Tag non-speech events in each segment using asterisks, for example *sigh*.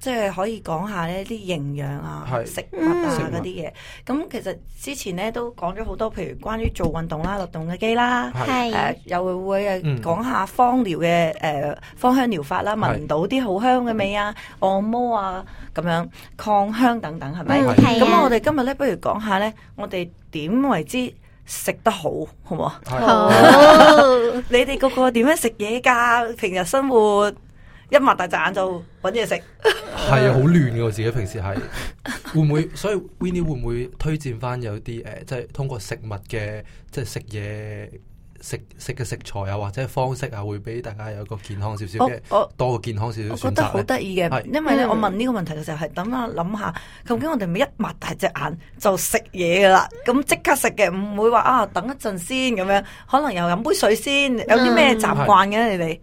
即係可以講下呢啲營養啊、的食物啊嗰啲嘢。咁、嗯、其實之前咧都講咗好多，譬如關於做運動啦、律動嘅機啦，誒的、呃、又會講下方療嘅誒芳香療法啦，聞到啲好香嘅味啊，的按摩啊咁樣抗香等等係咪？咁、嗯、我哋今日咧不如講下咧，我哋點為之食得好，好唔好好，你哋個個點樣食嘢㗎？平日生活。一擘大隻眼就揾嘢食，係啊，好亂嘅我自己平時係會唔會？所以 Winnie 會唔會推薦翻有啲誒，即係通過食物嘅，即係食嘢食食嘅食材啊，或者方式啊，會俾大家有個健康少少嘅，哦、多過健康少少選擇。我覺得好得意嘅，是因為咧，我問呢個問題嘅時候係等下諗下，究竟我哋咪一擘大隻眼就食嘢噶啦，咁即刻食嘅，唔會話啊等一陣先咁樣，可能又飲杯水先，有啲咩習慣嘅你哋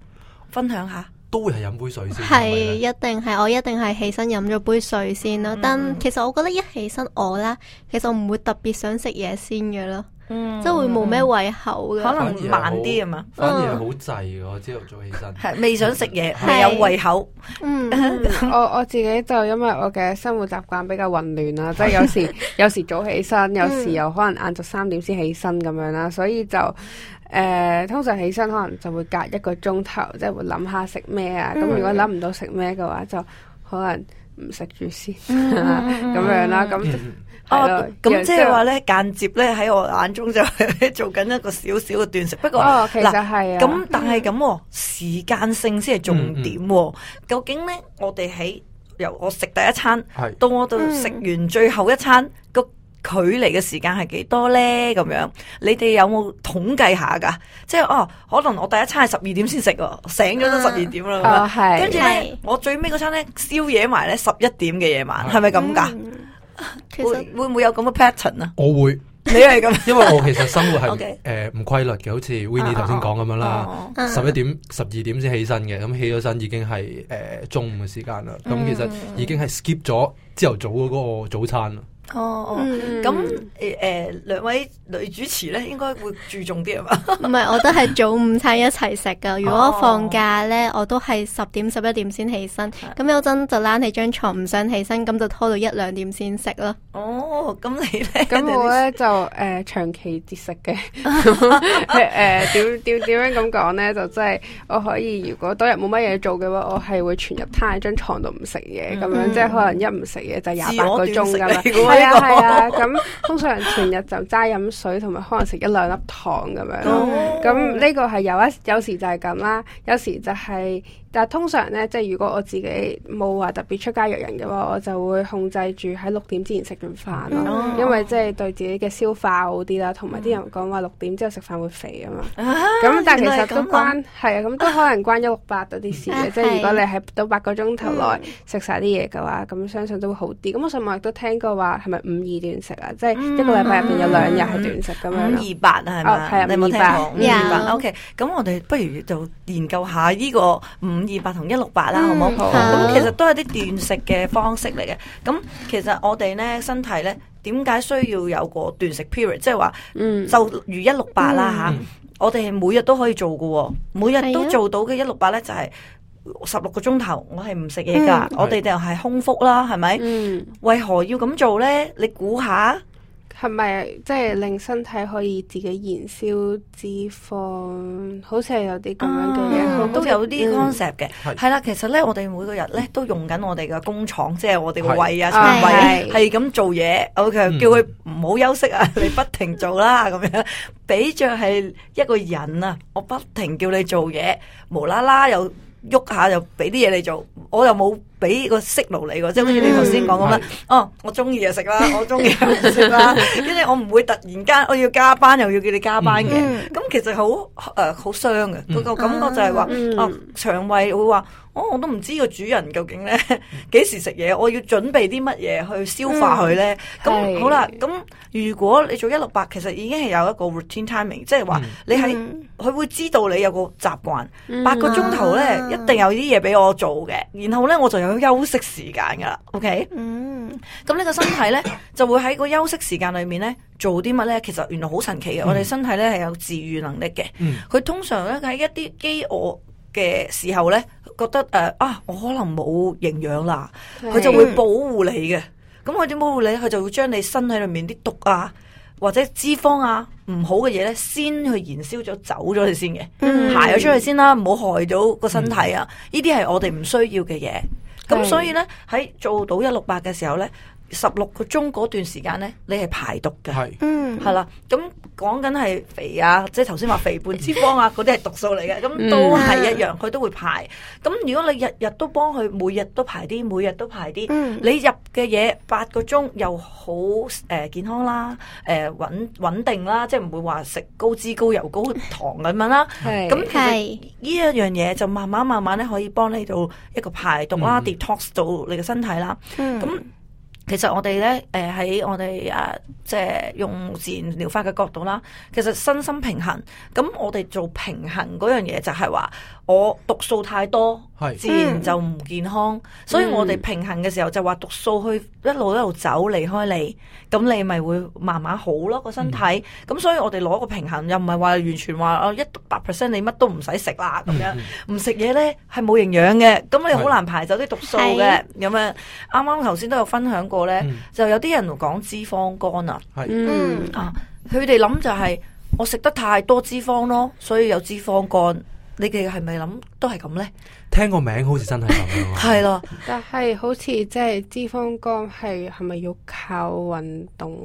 分享下？都會係飲杯水先，係一定係我一定係起身飲咗杯水先咯。但其實我覺得一起身我咧，其實我唔會特別想食嘢先嘅咯，即係會冇咩胃口嘅。可能慢啲啊嘛，反而係好滯。我朝頭早起身係未想食嘢，係有胃口。嗯，我我自己就因為我嘅生活習慣比較混亂啦，即係有時有時早起身，有時又可能晏晝三點先起身咁樣啦，所以就。誒，通常起身可能就會隔一個鐘頭，即係會諗下食咩啊。咁如果諗唔到食咩嘅話，就可能唔食住先，咁樣啦。咁哦，咁即係話咧，間接咧喺我眼中就係做緊一個小小嘅斷食。不過嗱，其實係啊，咁但係咁時間性先係重點喎。究竟咧，我哋喺由我食第一餐到我到食完最後一餐距離嘅時間係幾多咧？咁樣，你哋有冇統計下噶？即係哦，可能我第一餐係十二點先食，醒咗都十二點啦。哦，係。跟住咧，我最尾嗰餐咧，宵夜埋咧，十一點嘅夜晚，係咪咁噶？其實會會唔會有咁嘅 pattern 啊？我會，你係咁。因為我其實生活係誒唔規律嘅，好似 Winnie 頭先講咁樣啦。十一點、十二點先起身嘅，咁起咗身已經係誒中午嘅時間啦。咁其實已經係 skip 咗朝頭早嗰個早餐啦。哦，哦，咁誒誒，兩位女主持咧，應該會注重啲啊嘛？唔係，我都係早午餐一齊食噶。如果放假咧，我都係十點十一點先起身。咁有陣就躝喺張床，唔想起身，咁就拖到一兩點先食咯。哦，咁你咧？咁我咧就誒長期節食嘅。誒，點點點樣咁講咧？就真係我可以，如果當日冇乜嘢做嘅話，我係會全日攤喺張床度唔食嘢，咁樣即係可能一唔食嘢就廿八個鐘噶啦。係 *music* 啊，係啊，咁通常全日就齋飲水同埋可能食一兩粒糖咁樣囉，咁呢 *music* 個係有一有時就係咁啦，有時就係。但通常咧，即係如果我自己冇話特別出街約人嘅話，我就會控制住喺六點之前食完飯咯，因為即係對自己嘅消化好啲啦。同埋啲人講話六點之後食飯會肥啊嘛，咁但係其實都關係啊，咁都可能關一六八嗰啲事嘅，即係如果你喺到八個鐘頭內食晒啲嘢嘅話，咁相信都會好啲。咁我上網亦都聽過話係咪五二斷食啊？即係一個禮拜入邊有兩日係斷食咁樣。五二八啊，係咪啊？你冇聽過？二八 OK，咁我哋不如就研究下呢個五。二百同一六八啦，8, 嗯、好唔好？咁好其實都係啲斷食嘅方式嚟嘅。咁其實我哋咧身體咧，點解需要有個斷食 period？即係話，嗯、就如 8,、嗯、一六八啦吓，我哋係每日都可以做嘅，每日都做到嘅一六八咧，嗯、就係十六個鐘頭，我係唔食嘢噶，我哋就係空腹啦，係咪？嗯、為何要咁做咧？你估下？係咪即係令身體可以自己燃燒脂肪？好似係有啲咁樣嘅嘢、啊，都有啲 concept 嘅。係啦、嗯的，其實咧，我哋每個人咧都用緊我哋嘅工廠，即係我哋嘅胃啊腸的胃，係咁的做嘢。OK，叫佢唔好休息啊，嗯、 *laughs* 你不停做啦咁樣。比著係一個人啊， *laughs* 我不停叫你做嘢，無啦啦又喐下，又俾啲嘢你做，我又冇。俾個 signal 你喎，即係好似你頭先講咁樣，哦，我中意就食啦，我中意就食啦，跟住我唔會突然間我要加班又要叫你加班嘅，咁其實好誒好傷嘅，佢個感覺就係話，哦，腸胃會話，哦，我都唔知個主人究竟咧幾時食嘢，我要準備啲乜嘢去消化佢咧，咁好啦，咁如果你做一六八，其實已經係有一個 routine timing，即係話你係佢會知道你有個習慣，八個鐘頭咧一定有啲嘢俾我做嘅，然後咧我就休息時間噶啦，OK，嗯，咁呢個身體呢， *coughs* 就會喺個休息時間裏面呢，做啲乜呢？其實原來好神奇嘅，嗯、我哋身體呢，係有自愈能力嘅。佢、嗯、通常呢，喺一啲飢餓嘅時候呢，覺得誒、呃、啊，我可能冇營養啦，佢 Okay. 就會保護你嘅。咁佢點保護你？佢就會將你身體裏面啲毒啊或者脂肪啊唔好嘅嘢呢，先去燃燒咗走咗佢先嘅，嗯、排咗出去先啦，唔好害到個身體啊！呢啲係我哋唔需要嘅嘢。咁所以呢，喺做到一六八嘅時候呢。十六個鐘嗰段時間呢，你係排毒嘅，係嗯係啦。咁講緊係肥啊，即係頭先話肥胖脂肪啊，嗰啲係毒素嚟嘅，咁都係一樣，佢都會排。咁如果你日日都幫佢，每日都排啲，每日都排啲，嗯、你入嘅嘢，八個鐘又好誒、呃、健康啦，誒，穩穩定啦，即係唔會話食高脂高油高糖咁樣啦。係咁其實呢一樣嘢就慢慢慢慢咧，可以幫你到一個排毒啦，detox、嗯、到你嘅身體啦。咁、嗯嗯其實我哋咧，誒、呃、喺我哋啊，即係用自然療法嘅角度啦。其實身心平衡，咁我哋做平衡嗰樣嘢就係話，我毒素太多。是自然就唔健康，嗯、所以我哋平衡嘅時候就話毒素去一路一路走離開你，咁你咪會慢慢好咯、那個身體。咁、嗯、所以我哋攞個平衡又唔係話完全話啊一百 percent 你乜都唔使食啦咁樣，唔食嘢呢係冇營養嘅，咁你好難排走啲毒素嘅。咁是樣啱啱頭先都有分享過呢，嗯、就有啲人講脂肪肝啊，是嗯啊，佢哋諗就係我食得太多脂肪咯，所以有脂肪肝。你哋係咪諗都係咁呢？聽個名好似真係咁啊！係咯，但係好似即係脂肪肝係係咪要靠運動？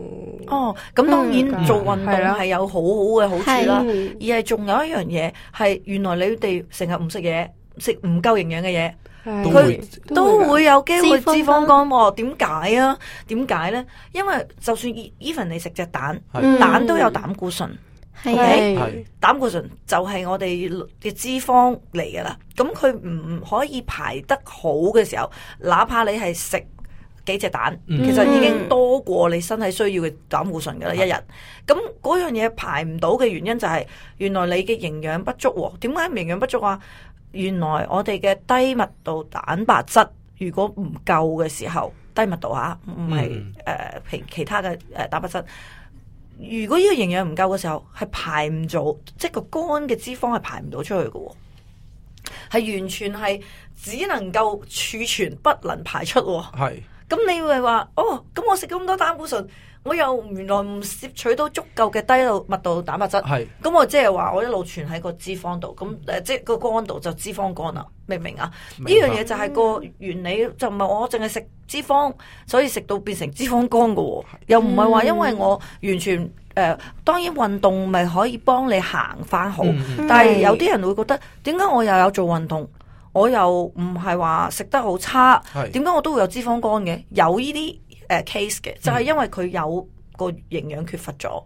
哦，咁當然做運動係有好好嘅好處啦。而係仲有一樣嘢係原來你哋成日唔食嘢，食唔夠營養嘅嘢，佢都會有機會脂肪肝。點解啊？點解呢？因為就算 even 你食隻蛋，嗯，蛋都有膽固醇。係 Okay? 的膽固醇就係我哋嘅脂肪嚟噶啦，咁佢唔可以排得好嘅時候，哪怕你係食幾隻蛋，嗯、其實已經多過你身體需要嘅膽固醇噶啦、嗯、一日。咁嗰樣嘢排唔到嘅原因就係、是，原來你嘅營養不足、啊。點解營養不足啊？原來我哋嘅低密度蛋白質如果唔夠嘅時候，低密度吓、啊，唔係誒其其他嘅誒蛋白質。如果呢個營養唔夠嘅時候，係排唔到，即係個肝嘅脂肪係排唔到出去嘅，係完全係只能夠儲存，不能排出。係。咁你會話哦，咁我食咁多膽固醇，我又原來唔攝取到足夠嘅低密度蛋白質，咁是我即係話我一路存喺個脂肪度，咁誒、呃、即係個肝度就脂肪肝啦，明唔明啊？呢樣嘢就係個原理，嗯、就唔係我淨係食脂肪，所以食到變成脂肪肝噶、哦，是又唔係話因為我完全誒、呃，當然運動咪可以幫你行翻，好，嗯嗯嗯、但係有啲人會覺得，點解我又有做運動？我又唔係話食得好差，點解是我都會有脂肪肝嘅？有呢啲誒 case 嘅，就係、是、因為佢有個營養缺乏咗，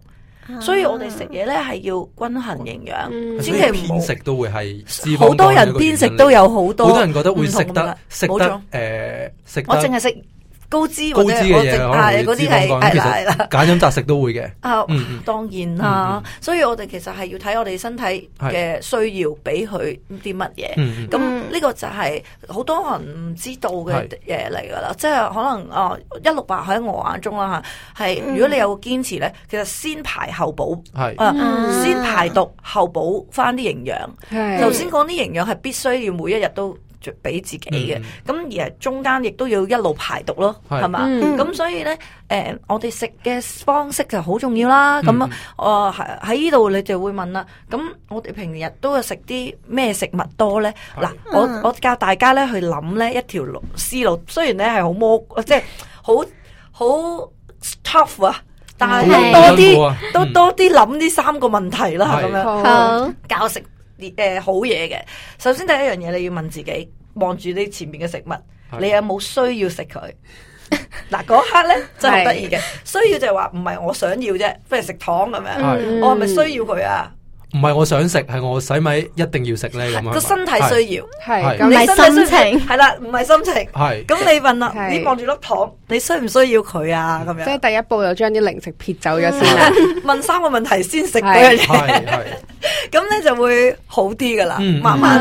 嗯、所以我哋食嘢呢係要均衡營養，嗯、千祈唔好偏食都會係好多人偏食都有好多，好多人覺得會食得食得誒錯、呃、我淨係食。高脂或者嗰啲係，其實揀飲擇食都會嘅。啊，是當然啦。所以我哋其實係要睇我哋身體嘅需要，俾佢啲乜嘢。咁、嗯、呢個就係好多人唔知道嘅嘢嚟噶啦。嗯、即係可能啊、呃，一六八喺我眼中啦吓，係如果你有個堅持咧，其實先排後補，係是、嗯啊、先排毒後補翻啲營養。頭先講啲營養係必須要每一日都。著俾自己嘅，咁而係中間亦都要一路排毒咯，係嘛？咁所以咧，誒，我哋食嘅方式就好重要啦。咁啊，我喺呢度你就會問啦。咁我哋平日都係食啲咩食物多咧？嗱，我我教大家咧去諗咧一條路思路。雖然咧係好魔，即係好好 tough 啊，但係多啲都多啲諗呢三個問題啦。咁樣好教食。誒、欸，好嘢嘅，首先第一樣嘢，你要問自己，望住你前面嘅食物，是你有冇需要食佢？嗱， *laughs* *laughs* 嗰刻咧真係得意嘅，是需要就係話唔係我想要啫，不如食糖咁樣，是我係咪需要佢啊？唔係我想食，係我洗米一定要食咧。個身體需要，係唔係心情？係啦，唔係心情。係咁你問啦，你望住粒糖，你需唔需要佢啊？咁樣即係第一步，又將啲零食撇走咗先。問三個問題先食嗰樣嘢，咁咧就會好啲噶啦。慢慢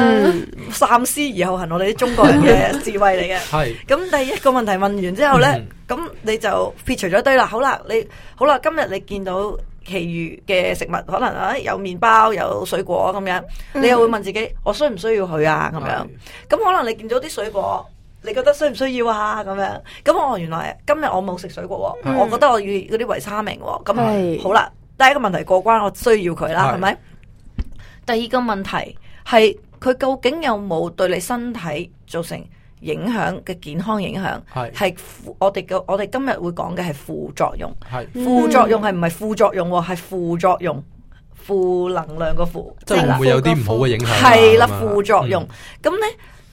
三思而後行，我哋啲中國人嘅智慧嚟嘅。係咁第一個問題問完之後咧，咁你就撇除咗堆啦。好啦，你好啦，今日你見到。其餘嘅食物可能有麵包，誒，有麵包有水果咁樣，嗯、你又會問自己，我需唔需要佢啊？咁樣，咁的可能你見到啲水果，你覺得需唔需要啊？咁樣，咁我原來今日我冇食水果，的我覺得我要嗰啲維他命，咁的好啦，第一個問題過關，我需要佢啦，係咪的的？第二個問題係佢究竟有冇對你身體造成？影響嘅健康影響係，係是我哋嘅我哋今日會講嘅係副作用，副是作用係唔係副作用，係副作用，負能量個負，即係會，會有啲唔好嘅影響，啊？係啦，副作用。咁咧、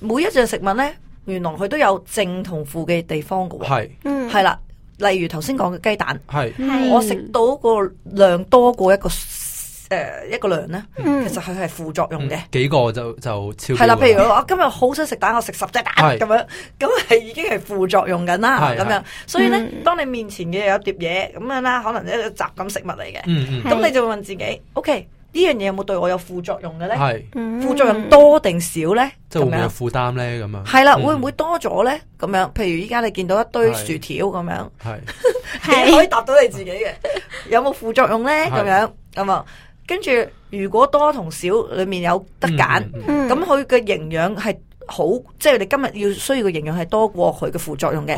嗯，每一隻食物咧，原來佢都有正同負嘅地方嘅。係，係啦，例如頭先講嘅雞蛋，係是的我食到個量多過一個。誒，一個量咧，其實佢係副作用嘅。幾個就就超係啦。譬如，我今日好想食蛋，我食十隻蛋咁樣，咁係已經係副作用緊啦。咁樣，所以咧，當你面前嘅有一碟嘢，咁樣啦，可能一個雜錦食物嚟嘅，咁你就會問自己：O K，呢樣嘢有冇對我有副作用嘅咧？副作用多定少咧？咁樣有負擔咧？咁樣係啦，會唔會多咗咧？咁樣，譬如依家你見到一堆薯條咁樣，係可以答到你自己嘅，有冇副作用咧？咁樣咁啊？跟住，如果多同少裏面有得揀，咁佢嘅營養係好，嗯、即係你今日要需要嘅營養係多過佢嘅副作用嘅，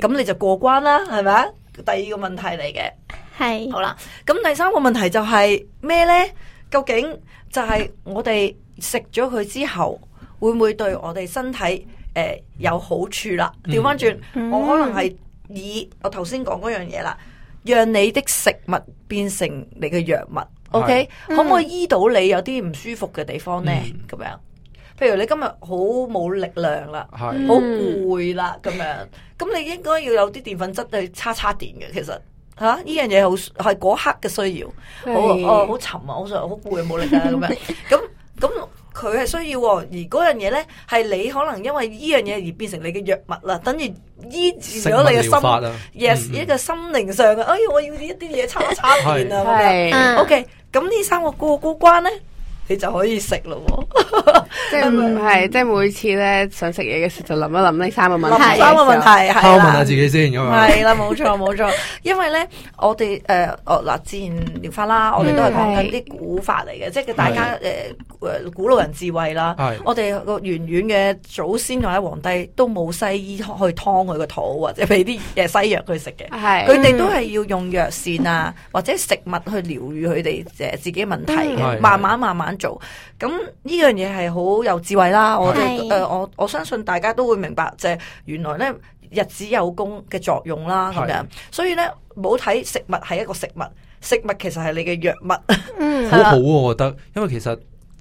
咁是你就過關啦，係咪？第二個問題嚟嘅，係是好啦。咁第三個問題就係咩呢？究竟就係我哋食咗佢之後，會唔會對我哋身體誒、呃、有好處啦？調翻轉，嗯、我可能係以我頭先講嗰樣嘢啦，讓你的食物變成你嘅藥物。OK，可唔可以醫到你有啲唔舒服嘅地方咧？咁樣，譬如你今日好冇力量啦，係好攰啦，咁樣，咁你應該要有啲澱粉質去叉叉電嘅。其實吓呢樣嘢好係嗰刻嘅需要。好哦，好沉啊，好想好攰冇力啊，咁樣。咁咁佢係需要，而嗰樣嘢咧係你可能因為呢樣嘢而變成你嘅藥物啦，等於醫治咗你嘅心。Yes，一個心靈上嘅，哎呀我要一啲嘢叉叉電啊。OK。咁呢三個過過關咧？你就可以食咯，即係唔係？即係每次咧想食嘢嘅時，就諗一諗呢三個問題。三個問題係我問下自己先，係啦，冇錯冇錯。因為咧，我哋誒，我嗱，之前聊翻啦，我哋都係講緊啲古法嚟嘅，即係大家誒誒，古老人智慧啦。我哋個遠遠嘅祖先或者皇帝都冇西醫去湯佢個肚，或者俾啲誒西藥佢食嘅。係佢哋都係要用藥膳啊，或者食物去療愈佢哋誒自己問題嘅。慢慢慢慢。做咁呢樣嘢，係好有智慧啦，我誒是、呃、我我相信大家都會明白，就係原來呢日子有功嘅作用啦咁樣是，所以呢，冇睇食物係一個食物，食物其實係你嘅藥物，嗯、 *laughs* 好好啊，我覺得，因為其實。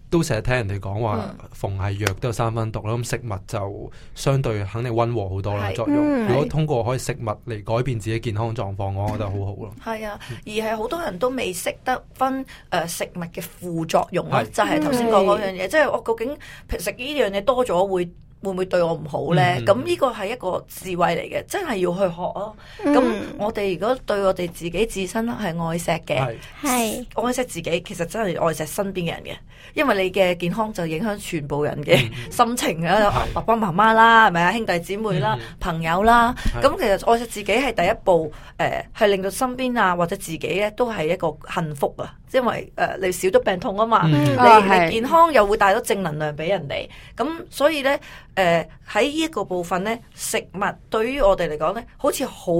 都成日聽人哋講話，逢係藥都有三分毒啦。咁、嗯、食物就相對肯定溫和好多啦，是作用。如果通過可以食物嚟改變自己健康狀況，是我覺得好好咯。係啊，嗯、而係好多人都未識得分誒食物嘅副作用啦，是就係頭先講嗰樣嘢，即係是我究竟平時食呢樣嘢多咗會。會唔會對我唔好呢？咁呢個係一個智慧嚟嘅，真係要去學咯。咁我哋如果對我哋自己自身係愛錫嘅，係愛錫自己，其實真係愛錫身邊嘅人嘅。因為你嘅健康就影響全部人嘅心情啊，爸爸媽媽啦，係咪啊，兄弟姐妹啦，朋友啦。咁其實愛錫自己係第一步，誒，係令到身邊啊或者自己咧都係一個幸福啊。因為誒你少咗病痛啊嘛，你健康又會帶咗正能量俾人哋。咁所以呢。誒喺呢一個部分呢，食物對於我哋嚟講呢，好似好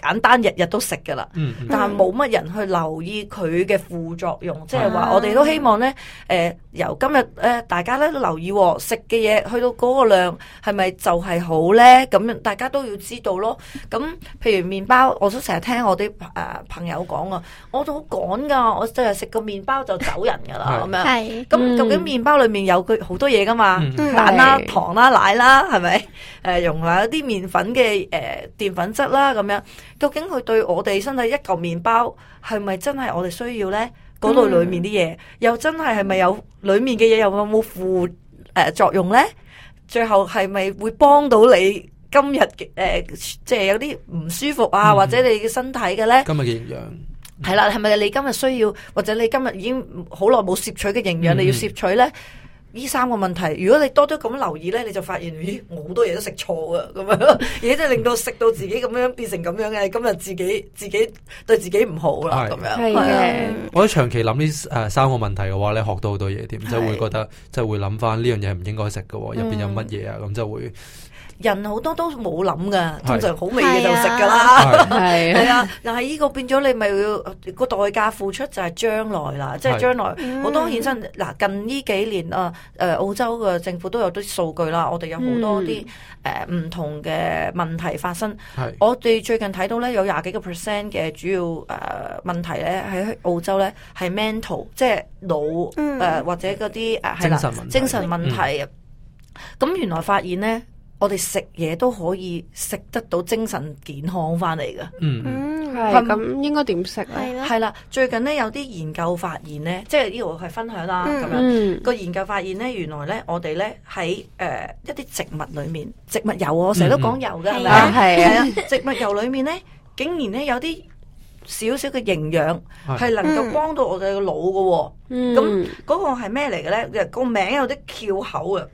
簡單日日都食噶啦，嗯、但係冇乜人去留意佢嘅副作用，即係話我哋都希望呢，誒、嗯呃、由今日咧、呃，大家咧留意食嘅嘢，去到嗰個量係咪就係好呢？咁樣大家都要知道咯。咁譬如麵包，我都成日聽我啲、呃、朋友講啊，我都好趕噶，我就係食個麵包就走人噶啦，咁 *laughs* 是樣。咁是、嗯、究竟麵包裏面有佢好多嘢噶嘛？蛋啦、糖啦、奶啦，係咪？誒，用一啲麵粉嘅誒澱粉質啦，咁、呃、樣。究竟佢對我哋身體一嚿麵包，係咪真係我哋需要呢？嗰度，嗯、裡，裏面啲嘢，又真係係咪有裏面嘅嘢，又有冇副誒作用呢？最後係咪會幫到你今日誒，呃，即係有啲唔舒服啊，嗯、或者你嘅身體嘅呢？今日嘅營養係啦，係咪你今日需要，或者你今日已經好耐冇攝取嘅營養，嗯、你要攝取呢？呢三個問題，如果你多多咁留意咧，你就發現，咦，我好多嘢都食錯㗎。咁樣，而家真係令到食到自己咁樣變成咁樣嘅，咁啊自己自己對自己唔好啦，咁樣係呀。我喺長期諗呢誒三個問題嘅話咧，學到好多嘢，添對，即係會覺得即係會諗翻呢樣嘢係唔應該食㗎喎，入邊有乜嘢啊？咁就、嗯、會。人好多都冇諗噶，通常好味嘢就食噶啦，係啊。但係呢個變咗，你咪要個代價付出就係將來啦，即係將來。好多現身嗱，近呢幾年啊，誒澳洲嘅政府都有啲數據啦，我哋有好多啲誒唔同嘅問題發生。我哋最近睇到咧，有廿幾個 percent 嘅主要誒問題咧，喺澳洲咧係 mental，即係腦誒或者嗰啲誒精神問題。精神問題，咁原來發現咧。我哋食嘢都可以食得到精神健康翻嚟噶，嗯，係咁、嗯、應該點食咧？係啦，最近咧有啲研究發現咧，即係呢個係分享啦，咁、嗯、樣、嗰個研究發現咧，原來咧我哋咧喺誒一啲植物裏面，植物油我成日都講油噶，係咪、嗯、啊，啊植物油裏面咧，竟然咧有啲少少嘅營養係能夠幫到我哋嘅腦噶，咁嗰、嗯嗯嗯嗯、個係咩嚟嘅咧？那個呢嗰個名有啲翹口啊，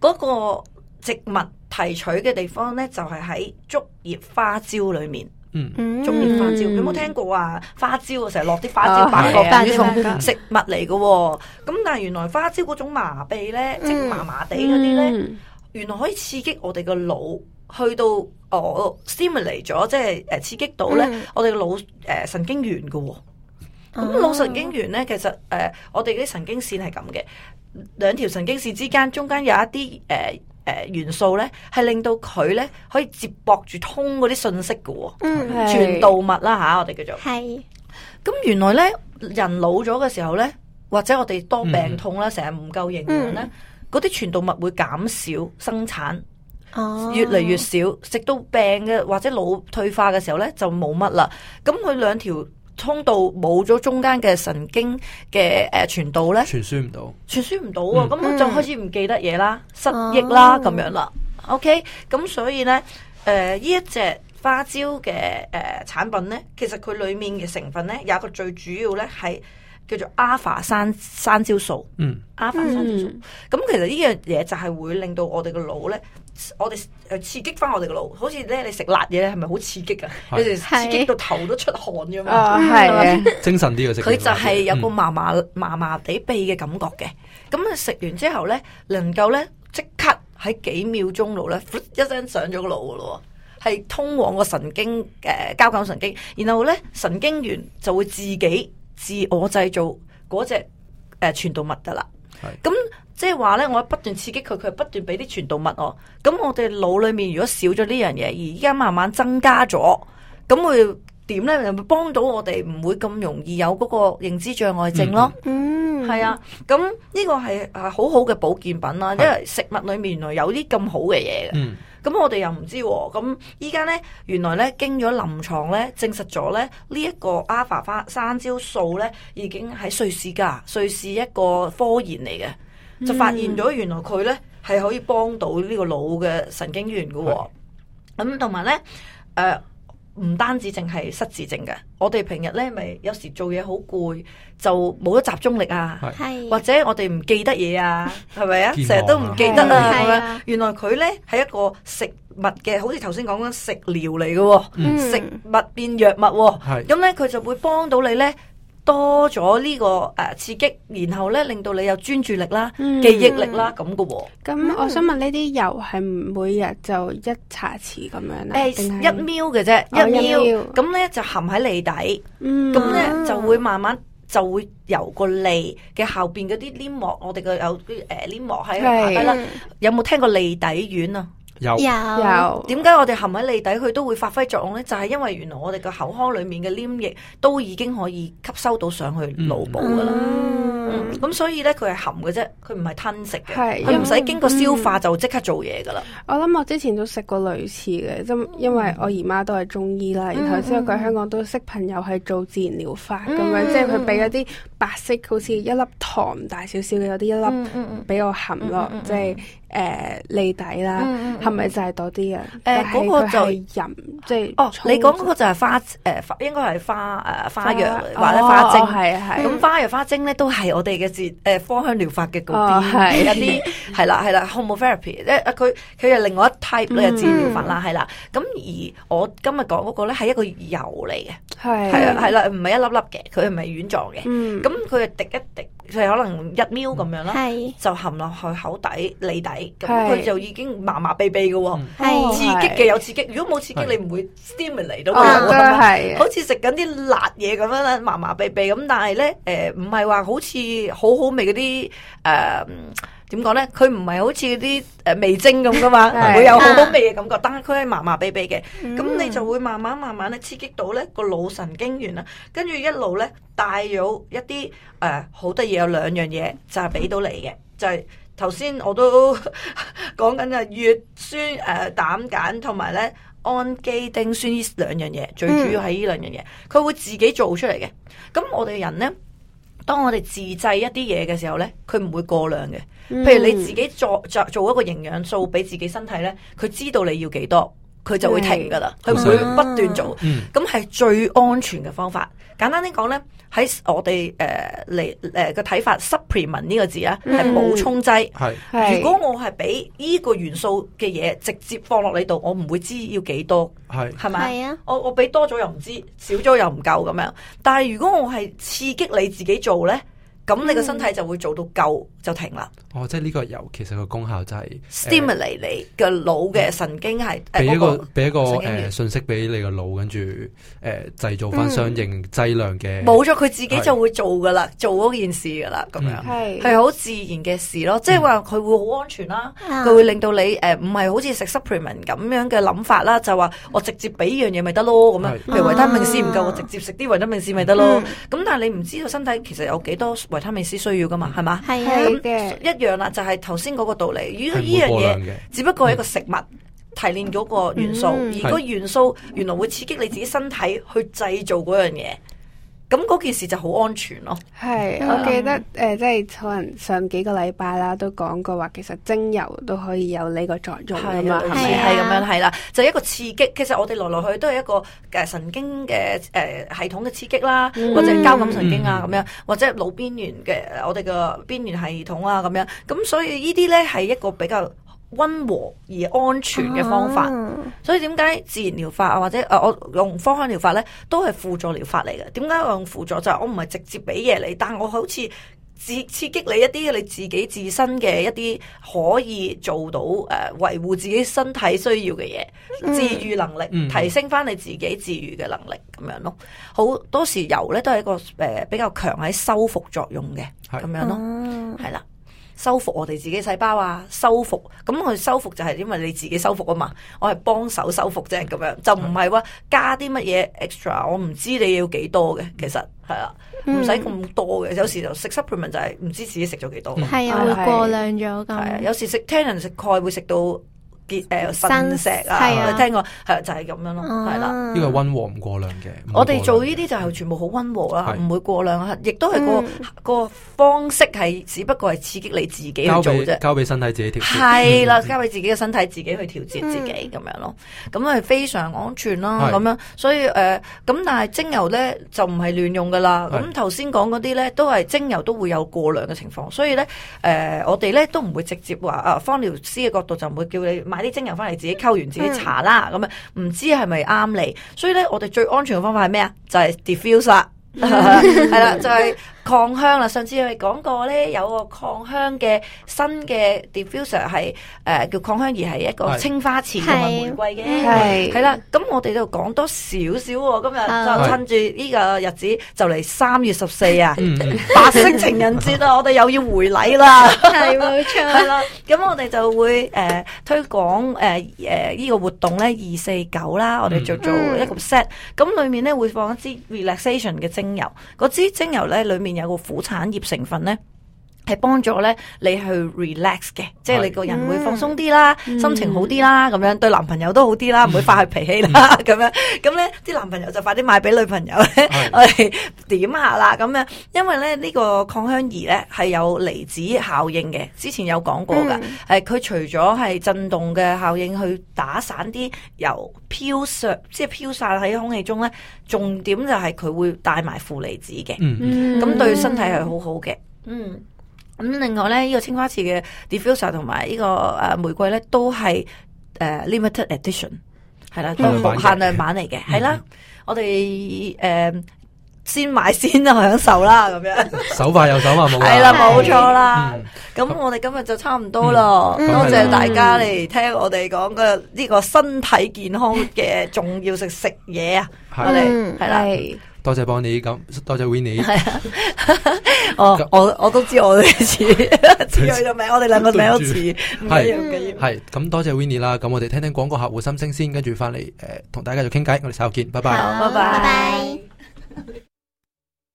嗰個。植物提取嘅地方咧，就係喺竹葉花椒裏面。嗯，竹葉花椒你有冇聽過啊？花椒成日落啲花椒白角魚同植物嚟嘅，咁但係原來花椒嗰種麻痹咧、嗯，即麻麻地嗰啲咧，原來可以刺激我哋嘅腦，去到哦 stimulate 咗，即係誒刺激到咧，我哋嘅腦誒神經元嘅。咁腦神經元咧，其實誒、呃、我哋啲神經線係咁嘅，兩條神經線之間中間有一啲誒。呃誒、呃、元素咧，係令到佢咧可以接駁住通嗰啲信息嘅喎、哦，嗯、傳導物啦吓、啊，我哋叫做。係是。咁原來咧，人老咗嘅時候咧，或者我哋多病痛啦，成日唔夠營養咧，嗰啲、嗯、傳導物會減少生產，哦、越嚟越少。食到病嘅或者老退化嘅時候咧，就冇乜啦。咁佢兩條，通道冇咗中間嘅神經嘅誒傳導咧，傳輸唔到，傳輸唔到喎，咁佢、嗯、就開始唔記得嘢啦，失憶啦咁樣啦。哦、OK，咁所以咧，誒、呃、呢一隻花椒嘅誒、呃、產品咧，其實佢裏面嘅成分咧，有一個最主要咧係。叫做阿法山山椒素，阿法山椒素，咁其實呢樣嘢就係會令到我哋個腦咧，我哋誒刺激翻我哋個腦，好似咧你食辣嘢咧，係咪好刺激噶？有時刺激到頭都出汗咁樣，係精神啲嘅食。佢就係有個麻麻麻麻地痹嘅感覺嘅，咁佢食完之後咧，能夠咧即刻喺幾秒鐘度咧，一聲上咗個腦噶咯，係通往個神經誒交感神經，然後咧神經元就會自己。自我製造嗰隻誒傳導物得啦，咁即係話咧，我不斷刺激佢，佢係不斷俾啲傳導物我。咁我哋腦裏面如果少咗呢樣嘢，而依家慢慢增加咗，咁會點咧？會唔會幫到我哋唔會咁容易有嗰個認知障礙症咯？嗯，嗯，係啊，咁呢個係啊好好嘅保健品啦，是因為食物裏面原來有啲咁好嘅嘢嘅。嗯咁我哋又唔知喎、啊，咁依家呢，原來呢，經咗臨床呢，證實咗呢，呢、這、一個阿伐花山椒素呢，已經喺瑞士㗎，瑞士一個科研嚟嘅，就發現咗原來佢呢係可以幫到呢個腦嘅神經元嘅喎，咁同埋呢。誒、呃。唔單止淨係失智症嘅，我哋平日咧咪有時做嘢好攰，就冇咗集中力啊，是或者我哋唔記得嘢啊，係咪啊？成日都唔記得啊，啊，原來佢咧係一個食物嘅，好似頭先講緊食療嚟嘅，嗯、食物變藥物、啊，咁咧佢就會幫到你咧。多咗呢個誒刺激，然後咧令到你有專注力啦、嗯、記憶力啦咁嘅喎。咁、哦嗯、我想問，呢啲油係每日就一茶匙咁樣啦？欸、是一 mL 嘅啫，要一 mL ml,，咁咧就含喺脷底，咁咧、嗯、就會慢慢就會由個脷嘅後邊嗰啲黏膜，我哋嘅有啲誒黏膜喺度係啦。嗯、有冇聽過脷底丸啊？有有，點解我哋含喺裏底佢都會發揮作用咧？就係因為原來我哋個口腔裏面嘅黏液都已經可以吸收到上去腦部噶啦。咁所以咧，佢係含嘅啫，佢唔係吞食嘅，佢唔使經過消化就即刻做嘢噶啦。我諗我之前都食過類似嘅，因因為我姨媽都係中醫啦，然後之後佢香港都識朋友係做自然療法咁樣，即係佢俾一啲白色好似一粒糖大少少嘅有啲一粒俾我含咯，即係。誒，脷底啦，係咪就係多啲嘅？誒，嗰個就係人，即係哦。你講嗰個就係花誒，應該係花誒花藥或者花精，係啊係。咁花藥花精咧都係我哋嘅治誒芳香療法嘅嗰啲，係一啲係啦係啦。homotherapy 即係佢佢係另外一 type 嘅治療法啦，係啦。咁而我今日講嗰個咧係一個油嚟嘅，係係啊係啦，唔係一粒粒嘅，佢唔係軟狀嘅。嗯，咁佢係滴一滴，佢可能一秒咁樣啦，係就含落去口底，脷底。咁佢、嗯、就已經麻麻痺痺嘅，刺激嘅有刺激。如果冇刺激，嗯、你唔會 stimulate 嚟到嘅。都係、哦、好似食緊啲辣嘢咁樣啦，麻麻痺痺咁。但係咧，誒、呃，唔係話好似好好味嗰啲誒，點講咧？佢唔係好似嗰啲誒味精咁噶嘛，嗯、 *laughs* 會有好多味嘅感覺。嗯、但係佢係麻麻痺痺嘅，咁、嗯嗯、你就會慢慢慢慢咧刺激到咧個腦神經元啦。跟住一路咧帶有一啲誒好得意，有兩樣嘢就係俾到你嘅，就係、是。頭先我都講緊啊，乙酸、誒膽鹼同埋咧氨基丁酸呢兩樣嘢，嗯、最主要係呢兩樣嘢，佢會自己做出嚟嘅。咁我哋人咧，當我哋自製一啲嘢嘅時候咧，佢唔會過量嘅。嗯、譬如你自己做做做,做一個營養素俾自己身體咧，佢知道你要幾多。佢就會停噶啦，佢唔、嗯、會不斷做，咁係、嗯、最安全嘅方法。簡單啲講呢，喺我哋誒嚟誒個睇法，supplement 呢個字啊，係補、嗯、充劑。是如果我係俾呢個元素嘅嘢直接放落你度，我唔會知要幾多，係係咪啊？我我俾多咗又唔知，少咗又唔夠咁樣。但係如果我係刺激你自己做呢，咁你個身體就會做到夠。嗯就停啦。哦，即係呢個油其實個功效就係 stimulate 你嘅腦嘅神經係俾一個俾一個誒信息俾你個腦，跟住誒製造翻相應劑量嘅。冇咗佢自己就會做噶啦，做嗰件事噶啦，咁樣係係好自然嘅事咯。即係話佢會好安全啦，佢會令到你誒唔係好似食 supplement 咁樣嘅諗法啦，就話我直接俾樣嘢咪得咯咁樣。譬如維他命 C 唔夠，我直接食啲維他命 C 咪得咯。咁但係你唔知道身體其實有幾多維他命 C 需要噶嘛，係嘛？係一樣啦，就係頭先嗰個道理。如果呢樣嘢，只不過係一個食物提煉嗰個元素，嗯，而個元素原來會刺激你自己身體去製造嗰樣嘢。咁嗰、嗯、件事就好安全咯。係是，嗯、我記得誒、呃，即係可能上幾個禮拜啦，都講過話，其實精油都可以有呢個作用噶嘛，係咁、啊、樣，係啦，就是、一個刺激。其實我哋來來去去都係一個誒神經嘅誒、呃、系統嘅刺激啦，或者交感神經啊，咁樣或者腦邊緣嘅我哋嘅邊緣系統啊，咁樣。咁所以呢啲咧係一個比較。溫和而安全嘅方法，啊、所以點解自然療法啊或者誒我用芳香療法咧都係輔助療法嚟嘅？點解我用輔助就係、是、我唔係直接俾嘢你，但我好似自刺激你一啲你自己自身嘅一啲可以做到誒維護自己身體需要嘅嘢、治癒能力、嗯、提升翻你自己治癒嘅能力咁樣咯。好多時油咧都係一個誒、呃、比較強喺修復作用嘅咁是樣咯，係啦、啊。修復我哋自己細胞啊，修復咁佢、嗯、修復就係因為你自己修復啊嘛，我係幫手修復啫咁樣，就唔係話加啲乜嘢 extra，我唔知你要幾多嘅，其實係啊，唔使咁多嘅，有時就食 supplement 就係唔知自己食咗幾多，係啊會過量咗噶，係啊有時食聽人食鈣會食到，結誒腎石啊，聽過係就係咁樣咯，係啦，呢個温和唔過量嘅。我哋做呢啲就係全部好温和啦，唔會過量，亦都係個個方式係只不過係刺激你自己做啫，交俾身體自己調節。係啦，交俾自己嘅身體自己去調節自己咁樣咯，咁係非常安全啦。咁樣，所以誒咁但係精油咧就唔係亂用噶啦。咁頭先講嗰啲咧都係精油都會有過量嘅情況，所以咧誒我哋咧都唔會直接話啊，芳療師嘅角度就唔會叫你買啲精油翻嚟自己溝完自己搽啦，咁啊，唔知係咪啱你。所以咧我哋最安全嘅方法係咩啊？就係、是、diffuse 啦、嗯， *laughs* *laughs* 係啦就係、是。擴香啦，上次我哋講過咧，有個擴香嘅新嘅 diffuser 係誒、呃、叫擴香儀，係一個青花瓷同埋玫瑰嘅係。係啦，咁我哋就講多少少喎，今日就趁住呢個日子、嗯、就嚟，三月十四啊，白色、嗯嗯、情人節啊， *laughs* 我哋又要回禮啦，係冇錯啦。咁 *laughs* 我哋就會誒、呃、推廣誒誒呢個活動咧二四九啦，9, 我哋就做一個 set，咁、嗯、裏面咧會放一支 relaxation 嘅精油，嗰支精油咧裏面。有個苦產業成分咧。係幫助咧，你去 relax 嘅，即係你個人會放鬆啲啦，心情好啲啦，咁樣對男朋友都好啲啦，唔會發佢脾氣啦，咁樣咁咧，啲男朋友就快啲買俾女朋友，我哋點下啦，咁樣，因為咧呢個擴香儀咧係有離子效應嘅，之前有講過噶，係佢除咗係震動嘅效應去打散啲油，飄晒即係飄散喺空氣中咧，重點就係佢會帶埋負離子嘅，咁對身體係好好嘅，嗯。咁另外咧，呢個青花瓷嘅 diffuser 同埋呢個誒玫瑰咧，都係誒 limited edition，係啦，都限量版嚟嘅。係啦，我哋誒先買先享受啦，咁樣手快有手慢冇？係啦，冇錯啦。咁我哋今日就差唔多咯，多謝大家嚟聽我哋講嘅呢個身體健康嘅重要性食嘢啊，我哋係啦。多謝幫你咁，多謝 Winnie。係啊，我我我都知我呢次， *laughs* 知佢個名，我哋兩個名都似，唔一係咁，多謝 Winnie 啦。咁我哋聽聽廣告客戶心聲先，跟住翻嚟，誒，同、呃、大家繼續傾偈。我哋稍後見，好拜拜，拜拜 bye，拜拜。